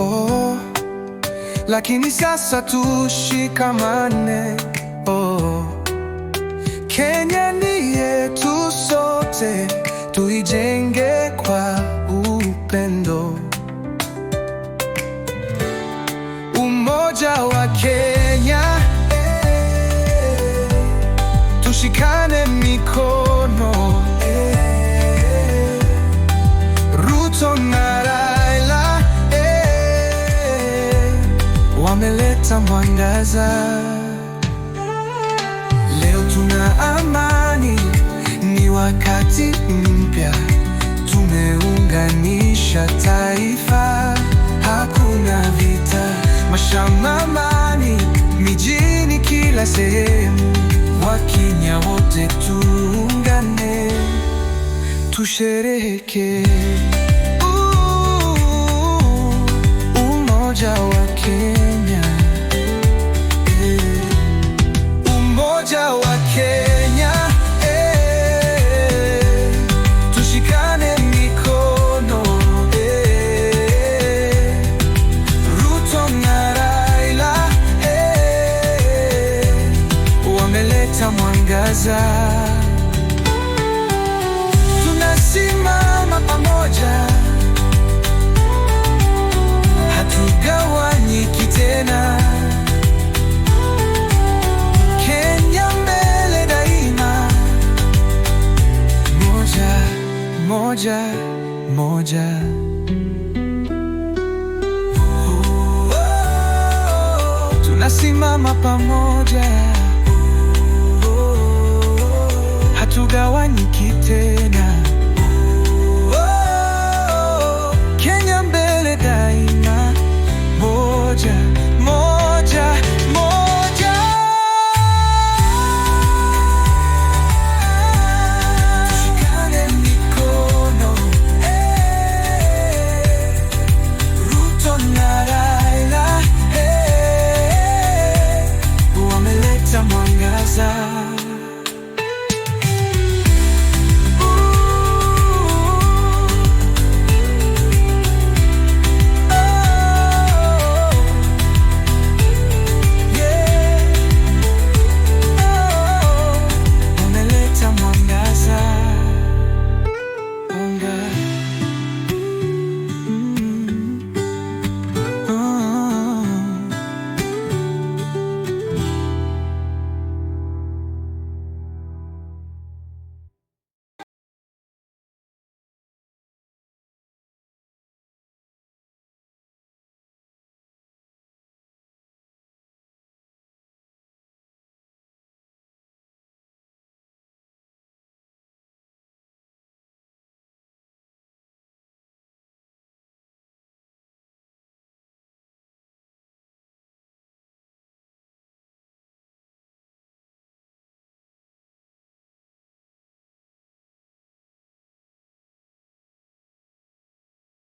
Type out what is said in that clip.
oh. Lakini sasa tushikamane oh. Kenya ni yetu sote, tuijenge kwa upendo. Umoja wa Kenya eh, tushikane mikono Ruto na someone doesn't. Leo tuna amani, ni wakati mpya, tumeunganisha taifa, hakuna vita, mashamamani mijini, kila sehemu, Wakenya wote tuungane, tusherehekee umoja wake kutangaza, tunasimama pamoja, hatugawanyiki tena. Kenya mbele daima, moja moja moja. Tunasimama pamoja keep taking